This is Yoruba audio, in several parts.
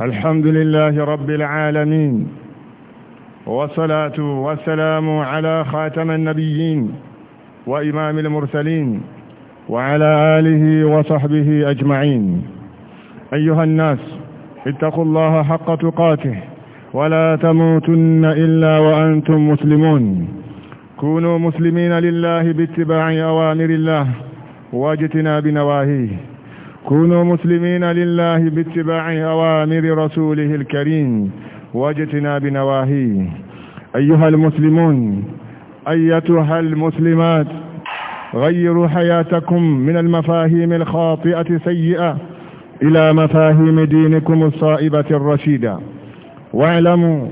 الحمد لله رب العالمين والصلاة والسلام على خاتم النبيين وإمام المرسلين وعلى آله وصحبه أجمعين أيها الناس اتقوا الله حق تقاته ولا تموتن إلا وأنتم مسلمون كونوا مسلمين لله باتباع أوامر الله واجتناب نواهيه كونوا مسلمين لله باتباع أوامر رسوله الكريم واجتناب نواهيه أيها المسلمون أيتها المسلمات غيروا حياتكم من المفاهيم الخاطئة سيئة إلى مفاهيم دينكم الصائبة الرشيدة واعلموا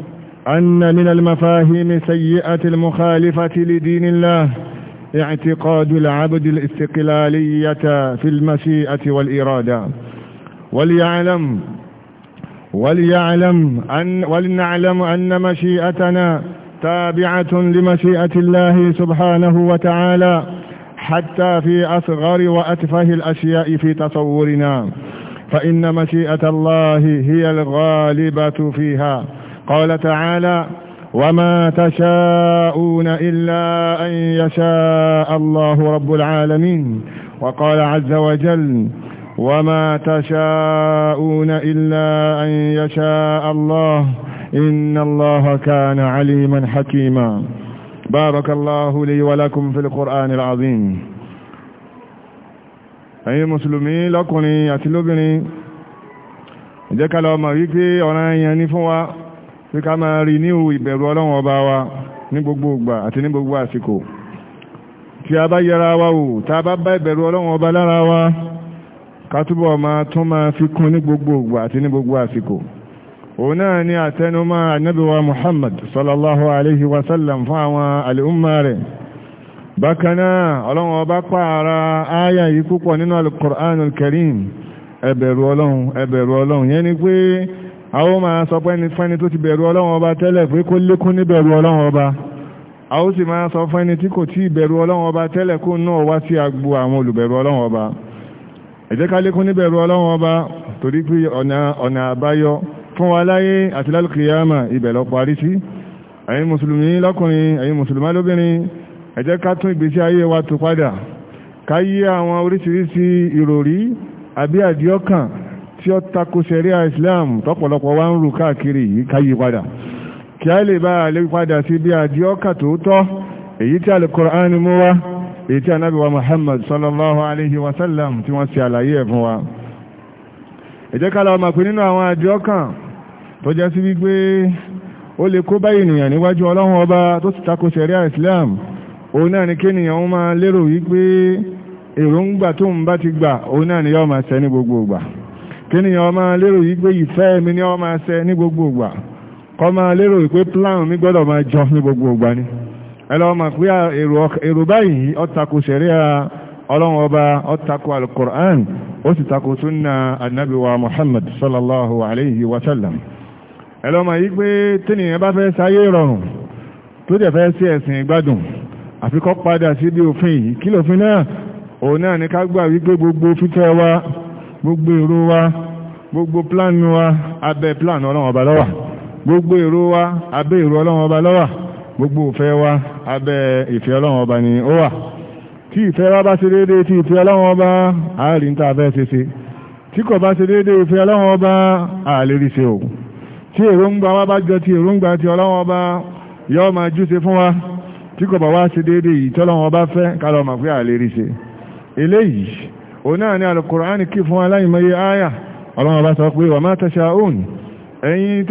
أن من المفاهيم سيئة المخالفة لدين الله اعتقاد العبد الاستقلالية في المشيئة والإرادة وليعلم وليعلم أن ولنعلم أن مشيئتنا تابعة لمشيئة الله سبحانه وتعالى حتى في أصغر وأتفه الأشياء في تصورنا فإن مشيئة الله هي الغالبة فيها قال تعالى وما تشاءون إلا أن يشاء الله رب العالمين وقال عز وجل وما تشاءون إلا أن يشاء الله إن الله كان عليما حكيما بارك الله لي ولكم في القرآن العظيم أي مسلمي لكني أتلبني جكال وما ويكي ونعيني ينفوا pé ká máa rí ní ìbẹ̀rù ọlọ́run ọba wa ní gbogbo ìgbà àti ní gbogbo àsìkò tí a bá yẹra wa wò tá a bá bá ìbẹ̀rù ọlọ́run ọba lára wa ká túbọ̀ máa tún máa fi kún ní gbogbo ìgbà àti ní gbogbo àsìkò òun Muhammad sallallahu alaihi wasallam fún àwọn al'umma rẹ̀ bákanáà ọlọ́run ọba pààrà áyà yìí púpọ̀ nínú al Karim ẹ bẹ̀rù ọlọ́run ẹ bẹ̀rù ni pé a ó máa sọ pẹ́ni fẹ́ni tó ti bẹ̀rù ọlọ́run ọba tẹ́lẹ̀ pé kó lékún ní bẹ̀rù ọlọ́run ọba a ó sì máa sọ fẹ́ni tí kò tí bẹ̀rù ọlọ́run ọba tẹ́lẹ̀ kó náà wá sí agbo àwọn olùbẹ̀rù ọlọ́run ọba ẹ jẹ́ ká lékún ní bẹ̀rù ọlọ́run ọba torí pé ọ̀nà àbáyọ wa láyé àti lálùkìyàmà ibẹ̀ tún ìgbésí ayé wa tó padà ká yí àwọn oríṣiríṣi ìròrí àbí àdíọ́kàn tí ó tako sẹ̀ríà Islam tọ́pọ̀lọpọ̀ wá ń rù káàkiri yìí káyí padà kí a lè bá lè padà sí bí àdíọ́kà tòótọ́ èyí tí al mú wá èyí tí anábì wa Muhammad sallallahu alaihi wasallam tí wọ́n sì àlàyé ẹ̀ wa ẹ jẹ́ ká la máa pè nínú àwọn àdíọ́kà tó jẹ́ sí wípé ó lè kó bá ènìyàn níwájú ọlọ́run ọba tó sì tako sẹ̀ríà Islam òun náà ni kéèyàn máa lérò wípé èròǹgbà tó ń bá ti gbà òun náà ni yóò máa ṣẹ ní gbogbo ìgbà kí ni ọmọ lérò yìí pé ìfẹ́ mi ni ọmọ ṣe ní gbogbogbà ìgbà ma máa pé plan mi gbọ́dọ̀ máa jọ ní gbogbogbà ni ẹlọ́ ọma pé èrò báyìí yi tako sere ọlọ́run ọba ó al ó sì tako súnà annabiwa Muhammad sallallahu alayhi wa sallam pé gbogbo èrò wa gbogbo pílánì wa abẹ́ pílánì ọlọ́run ọba lọ́wà gbogbo èrò wa abẹ́ èrò ọlọ́run ọba lọ́wà gbogbo ìfẹ́ wa abẹ́ ìfẹ́ ọlọ́run ọba ni ó wà tí ìfẹ́ wa bá ṣe déédéé tí ìfẹ́ ọlọ́run ọba àárín tá a fẹ́ ṣe ṣe tí kò bá ṣe déédéé ìfẹ́ ọlọ́run ọba àlérí ṣe o tí èròǹgbà wa bá jọ ti èròǹgbà ti ọlọ́run ọba yóò máa júṣe fún wa tí kò bá wá ṣe déédéé ìtọ́lọ́run ọba fẹ́ kálọ̀ mọ̀ pé àlérí ṣe eléyìí òun náà ni alùkùránì kí fún aláìmọye áyà ọlọ́run ọba sọ pé wà máa tẹ́ṣà òun ẹ̀yin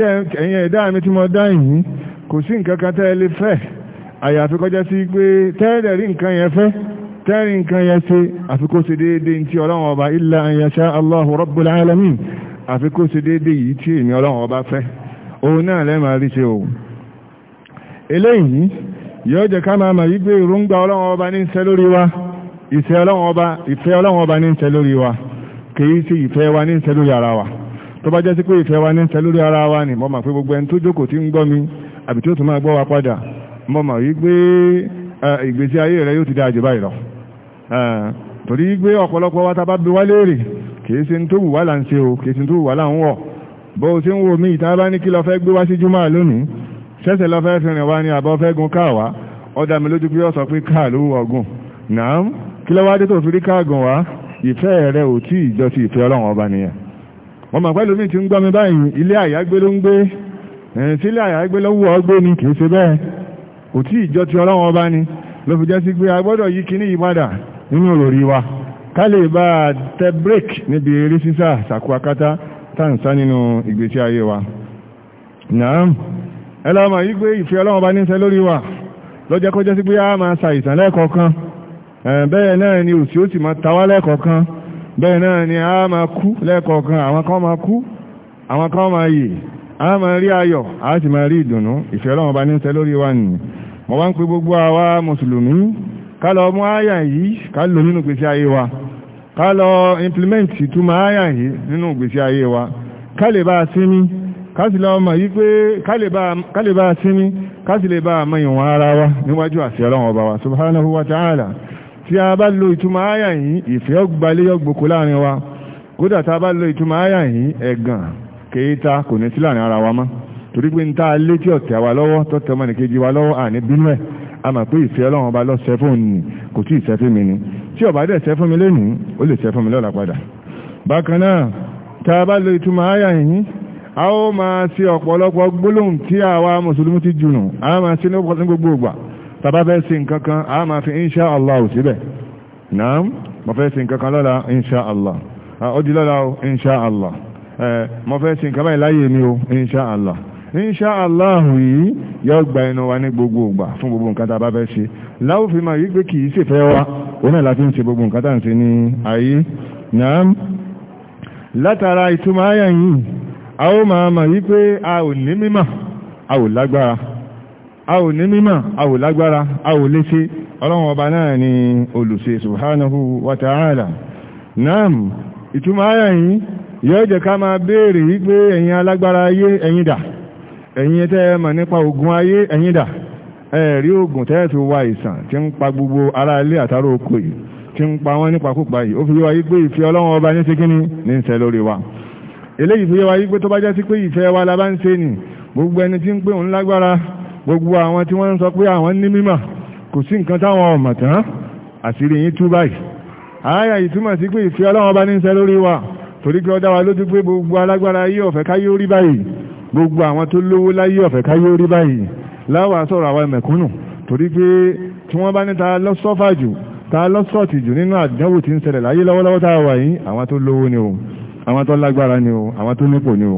ẹ̀dá mi tí mo dá yìí kò sí nǹkan kan tẹ́ lè fẹ́ àyà tó kọjá sí pé tẹ́ẹ̀dẹ̀ rí nǹkan yẹn fẹ́ tẹ́ẹ̀rí nǹkan yẹn ṣe àfikó sí déédé tí ọlọ́run ọba illa an yasha Allahu rabbul ìfẹ́ ọlọ́wọ́n ọba ìfẹ́ ọlọ́wọ́n ọba ní ń tẹ lórí wa kìí sí ìfẹ́ wa ní ń tẹ lórí ara wa tó bá jẹ́ sí pé ìfẹ́ wa ní ń tẹ lórí ara wa ni mo mọ̀ pé gbogbo ẹni tó jókòó tí ń gbọ́ mi àbí tó tún máa gbọ́ wa padà mo mọ̀ yí pé ìgbésí ayé rẹ yóò ti dáa jù báyìí lọ torí pé ọ̀pọ̀lọpọ̀ wa tá bá wá léèrè kìí sí tó wù wá là ń ṣe o kìí sí tó wù wá là ń wọ̀ bó o ti ń wo mi ìta bá ní kí lọ fẹ́ gbé wá sí júmọ́ lónìí ṣẹ̀ṣẹ̀ lọ fẹ́ fi rìn wá ní àbọ̀ fẹ́ gun káà wá ó mi lójú pé ó pé káà ló wọ̀gùn náà kí ló wá dé tó fi rí káàgùn wá ìfẹ́ rẹ ò tí ìjọ sí ìfẹ́ ọlọ́run ọba nìyẹn wọ́n mọ̀ pẹ́lú mi ti ń gbọ́ mi báyìí ilé àyágbé ló ń gbé ẹ̀yìn sí ilé àyágbé lọ́wọ́ ọgbé ni kì í bẹ́ẹ̀ ò tí ìjọ ti ọlọ́run ọba ni ló fi jẹ́ sí pé a gbọ́dọ̀ yí kíní yìí padà nínú òròrí wa ká lè bá a tẹ break níbi eré sísá sàkúakátá tàǹsá nínú ìgbésí ayé wa naam ẹ lọ́mọ yí pé ìfẹ́ ọlọ́run ọba ní sẹ́ lórí wa lọ́jọ́ kó sí pé a máa ṣàìsàn lẹ́ẹ̀kọ̀ọ̀kan bẹ́ẹ̀ náà ni òsì ó sì máa tawá lẹ́ẹ̀kọ̀ọ̀kan bẹ́ẹ̀ náà ni a máa kú lẹ́ẹ̀kọ̀ọ̀kan àwọn kan máa kú àwọn kan máa yè a máa rí ayọ̀ a sì máa rí ìdùnnú ìfẹ́ ọlọ́run bá ní tẹ lórí wa nìyí mo wá ń pe gbogbo àwa mùsùlùmí ká lọ mú àyà yìí ká lò nínú ìgbésí ayé wa ká lọ implement ìtumọ̀ àyà yìí nínú ìgbésí ayé wa ká bá a sinmi ká lọ mọ̀ yí pé ká bá a sinmi ká lè bá a mọ̀ ìwọ̀n ara wa níwájú àṣẹ ọlọ́run ọba wa subhanahu wa ta'ala tí a bá lo ìtumọ̀ àyà yìí ìfẹ́ ọgbàlé ọgbòkó láàrin wa kódà tá a bá lo ìtumọ̀ àyà yìí ẹ̀gàn kéèta kò ní sí láàrin ara wa mọ́ torí pé ń tá a lé tí ọ̀tẹ̀ wa lọ́wọ́ tọ́tẹ̀ ọmọnìkejì wa lọ́wọ́ àní bínú ẹ̀ a mà pé ìfẹ́ ọlọ́run ọba lọ́sẹ̀ fún ni kò tí ì sẹ́ fún mi ni tí ọba dẹ̀ sẹ́ fún mi lónìí ó lè sẹ́ fún mi lọ́la padà bákan náà tá a bá lo ìtumọ̀ àyà yìí a ó máa ṣe ọ̀pọ̀lọpọ̀ gbólóhùn tí àwa mùsùlùmí ti jùnù a máa ṣe ní gbogbo ìgbà tàbá fẹ́ kan a máa fi insha Allah ò síbẹ̀ náà mo fẹ́ sí kan lọ́la insha Allah ó di lọ́la o Allah mo fẹ́ sí nǹkan láyé o Allah insha Allah yìí yọ gba ẹnu wa ní gbogbo ìgbà fún gbogbo nǹkan tàbá fẹ́ ṣe láwùfin máa yí pé sì wa ń ṣe gbogbo nǹkan tàǹsí a ò ní mímọ̀ a ò lágbára a ò léṣe ọlọ́run ọba náà ni olùṣe subhanahu wa ta'ala naam ìtumọ̀ ayà yìí yóò jẹ́ ká máa béèrè wípé ẹ̀yin alágbára ayé ẹ̀yin dà ẹ̀yin tẹ́ mọ̀ nípa ogun ayé ẹ̀yin dà ẹ̀rí ogun tẹ́ fi wá ìsàn tí ń pa gbogbo ará ilé àtàrà oko yìí tí ń pa wọ́n nípa kúpa yìí ó fi yíwa wípé ìfẹ́ ọlọ́run ọba ní sí ní ń lórí wa eléyìí fi yíwa wípé tó bá jẹ́ sí pé ìfẹ́ wa la bá ń ṣe nì gbogbo ẹni tí ń pè òun lágbára gbogbo àwọn tí wọ́n ń sọ pé àwọn ní mímọ̀ kò sí nǹkan táwọn ọmọ tán àṣírí yín tú báyìí ààyà ìtumọ̀ sí pé ìfẹ́ ọlọ́run ọba ní ń ṣe lórí wa torí pé ó dá wa lójú pé gbogbo alágbára ayé ọ̀fẹ́ káyé orí báyìí gbogbo àwọn tó lówó láyé ọ̀fẹ́ káyé orí báyìí láwà sọ̀rọ̀ àwọn ẹ̀mẹ̀kúnnù torí pé tí wọ́n bá ní ta lọ́sọ́fà jù ta lọ́sọ̀tì jù nínú àdánwò tí ń ṣẹlẹ̀ láyé lọ́wọ́lọ́wọ́ tá a wà yìí àwọn tó lówó ni o àwọn tó lágbára ni o àwọn tó nípò ni o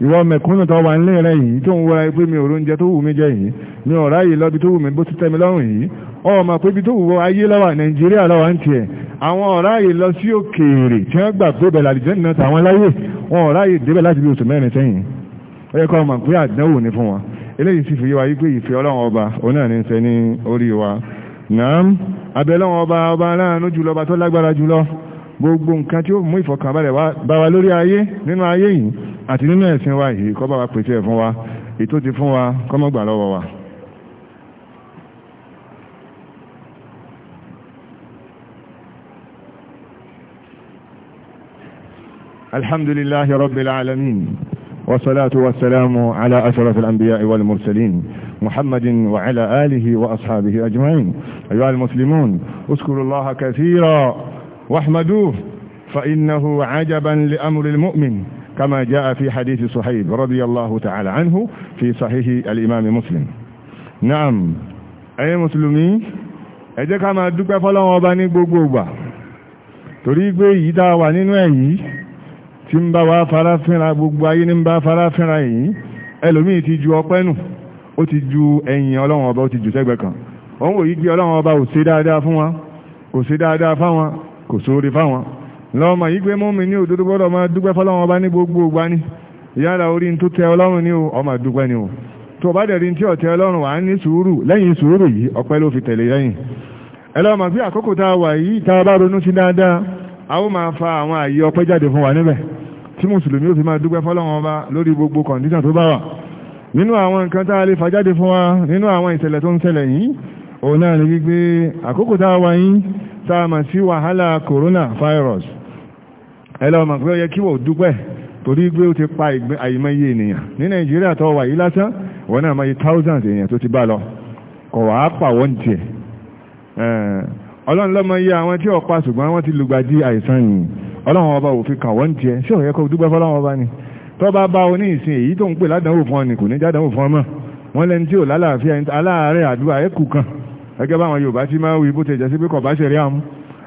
ìwọ mẹ̀kúnnù tó wà nílé rẹ yìí tó ń wọra pé mi ò róúnjẹ tó wù mí jẹ yìí mi ò ráyè lọ́bi tó wù mí bó ti tẹ́mi lọ́rùn yìí ọmọ pé bí tó wù ayé lọ́wà nàìjíríà lọ́wà ń tiẹ̀ àwọn ọ̀ráyè lọ sí òkèèrè tí wọ́n gbà pé bẹ̀rẹ̀ àdìjẹ́ náà tàwọn láyé wọn ọ̀ráyè débẹ̀ láti bí oṣù mẹ́rin sẹ́yìn ó yẹ kọ́ ọmọ pé àdánwò ni fún wa eléyìí sì fi yé wa yí ìfẹ́ ọlọ́run ọba òun náà ní ní orí wa nàám abẹ́ ọlọ́run ọba ọba aláàánú jùlọ ọba tó lágbára jùlọ gbogbo nǹkan tí ó mú ìfọ̀kànbalẹ̀ bá wa lórí ayé nínú ayé yìí àti nínú ẹ̀sìn wa yìí kọ́ bá wa pèsè ẹ̀ fún wa ètò ti fún wa kọ́ mọ́ gbà lọ́wọ́ wa. الحمد لله رب العالمين والصلاة والسلام على أشرف الأنبياء والمرسلين محمد وعلى آله وأصحابه أجمعين أيها المسلمون اذكروا الله كثيرا واحمدوه فإنه عجبا لأمر المؤمن كما جاء في حديث صهيب رضي الله تعالى عنه في صحيح الإمام مسلم نعم أي مسلمين ẹ jẹ́ ká máa dúpẹ́ fọ́lọ́wọ́ ọba ní gbogbo ìgbà torí pé yìí tá a wà nínú èyí tí ń bá wa fara fínra gbogbo ayé ní ń bá fara fínra yìí ẹlòmíì ti ju ọpẹ́ ó ti ju ẹ̀yìn ọlọ́wọ́n ọba ó ti jù sẹ́gbẹ́ kan òun wòye pé ọlọ́wọ́n ọba ò ṣe dáadáa fún wa kò sóore fáwọn lọ́mọ yìí pé mọ́mí ní òdodo gbọ́dọ̀ máa dúpẹ́ fọ́lọ́run ọba ní gbogbo ìgbà ní yálà orí tó tẹ́ ọlọ́run ní o máa dúpẹ́ ni o tó bá dẹ̀rí tí ọ̀tẹ́ ọlọ́run wà ní sùúrù lẹ́yìn sùúrù yìí ọpẹ́ ló fi tẹ̀lé lẹ́yìn ẹlọ́mọ bí àkókò tá a wà yìí tá a bá ronú nínú àwọn nǹkan tá lè fà fún wa nínú àwọn ìṣẹ̀lẹ̀ tó ń ṣẹlẹ̀ yìí òun náà ni wípé àkókò tá a wà yìí tá a mà sí wàhálà coronavirus ẹlọ́mọ̀ pé ó yẹ kí wọ́n dúpẹ́ torí gbé ó ti pa àìmọye ènìyàn ní nàìjíríà tó wà yìí lásán wọ́n náà mọye thousands èèyàn tó ti bá lọ kọ̀ wá pa wọ́n tiẹ̀ ọlọ́run lọ́mọ iye àwọn tí ọ̀pá ṣùgbọ́n wọ́n ti lùgbàdì àìsàn yìí ọlọ́run ọba ò ni tó bá bá o ní ìsìn èyí tó ń pè ládàáwò ni kò ní jádàáwò fún ọmọ wọn lẹni tí ò lálàáfíà aláàárẹ̀ àdúrà ẹ̀kù kan gẹ́gẹ́ báwọn yorùbá ti máa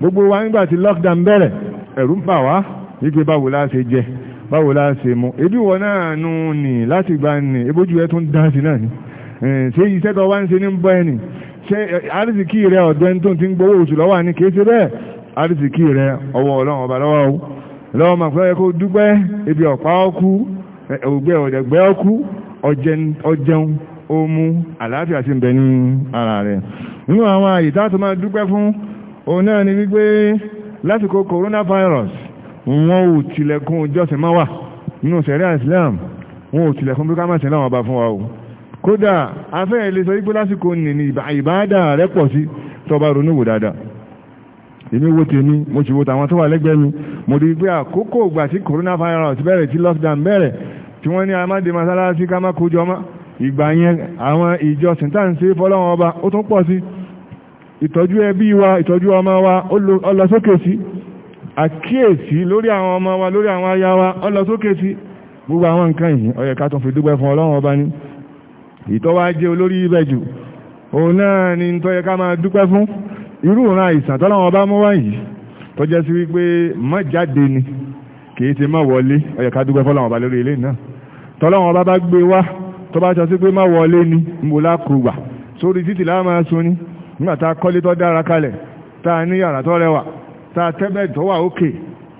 gbogbo wa nígbà tí lockdown bẹ̀rẹ̀ ẹ̀rù ń bà wá wípé báwo la ṣe jẹ báwo la ṣe mu ebi wọ náà nù ní láti gba ní ebójú ẹ tún dá sí náà ni ṣé iṣẹ́ tó wá ń ṣe ní bọ́ ẹni ṣé àrísìkí rẹ ọ̀dọ́ ẹni tó ti ń gbowó oṣù lọ́wọ́ ni kìí ṣe bẹ́ẹ̀ àrísìkí rẹ ọwọ́ ọlọ́run ọba lọ́wọ́ o lọ́wọ́ máa fẹ́ kó dúpẹ́ ebi ọ̀pá ọkú ògbẹ́ omu àlàáfíà sì ń bẹ ní ara rẹ̀ nínú òun náà ni wípé lásìkò coronavirus wọn ò tilẹ̀kùn ìjọsìn máa wà nínú sẹ̀ríà Islam wọn ò tilẹ̀kùn bí ká máa sẹ̀lá wọn bá fún wa o kódà afẹ́ ilé sọ wípé lásìkò nì ní ìbáadà rẹ̀ pọ̀ sí tọba ronú wò dáadáa èmi wo tèmi mo ti wo tàwọn tó wà lẹ́gbẹ̀ẹ́ mi mo rí pé àkókò ìgbà tí coronavirus bẹ̀rẹ̀ tí lockdown bẹ̀rẹ̀ tí wọ́n ní amáde masalasi ká má kójọ mọ́ ìgbà yẹn àwọn ìjọsìn tá ń ṣe fọ́lọ́wọ́n ọba ó tún pọ̀ sí i ìtọ́jú ẹbí wa ìtọ́jú ọmọ wa ó lọ sókè sí àkíyèsí lórí àwọn ọmọ wa lórí àwọn aya wa ó sí gbogbo àwọn nǹkan yìí ó ká tún fi dúpẹ́ fún ọlọ́run ọba ní ìtọ́wá jẹ́ olórí ibẹ̀ jù òun ni tó yẹ ká máa dúpẹ́ fún irú ìran àìsàn tọ́lọ́run ọba mú wá yìí tó jẹ́ sí wípé má jáde ni kìí ti má wọlé ó yẹ ká dúpẹ́ fọ́lọ́run ọba lórí bá gbé wá tó bá pé má wọlé ni mo lákùgbà sórí títì láà máa sun nígbà tá a kọ́lé tó dára kalẹ̀ tá a ní yàrá tó rẹwà tá a tẹ́bẹ̀ tó wà òkè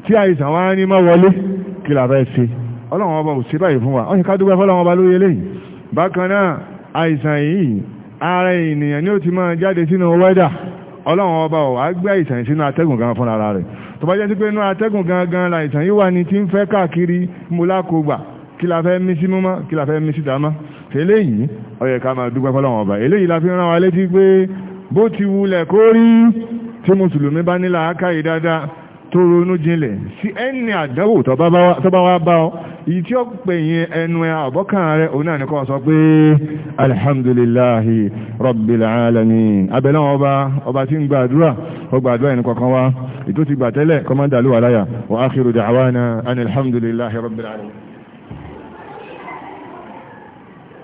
tí àìsàn wá ní mọ́ wọlé kí la ṣe ọlọ́run ọba ò báyìí fún wa ni ó ti máa jáde sínú wẹ́dà ọlọ́run ọba ò wá gbé àìsàn sínú atẹ́gùn gan fúnra rẹ̀ tó bá jẹ́ sí pé inú atẹ́gùn gangan láìsàn yìí wà ní tí ń fẹ́ káàkiri múlákògbà kí la fẹ́ mí sí múmá kí la fẹ́ mí sí dámá eléyìí ó yẹ ká máa dúpẹ́ ọba eléyìí la fi rán létí pé bó ti wulẹ̀ kó rí tí mùsùlùmí bá nílà ákàyè dáadáa tó ronú jinlẹ̀ sí ẹni àdánwò tó bá wá bá ọ èyí tí ó pè yín ẹnu ẹ àbọ́kàn rẹ òun náà ní kó sọ pé alhamdulillahi rabbil alamin abẹ́lẹ́ ọba ọba tí ń gba àdúrà ó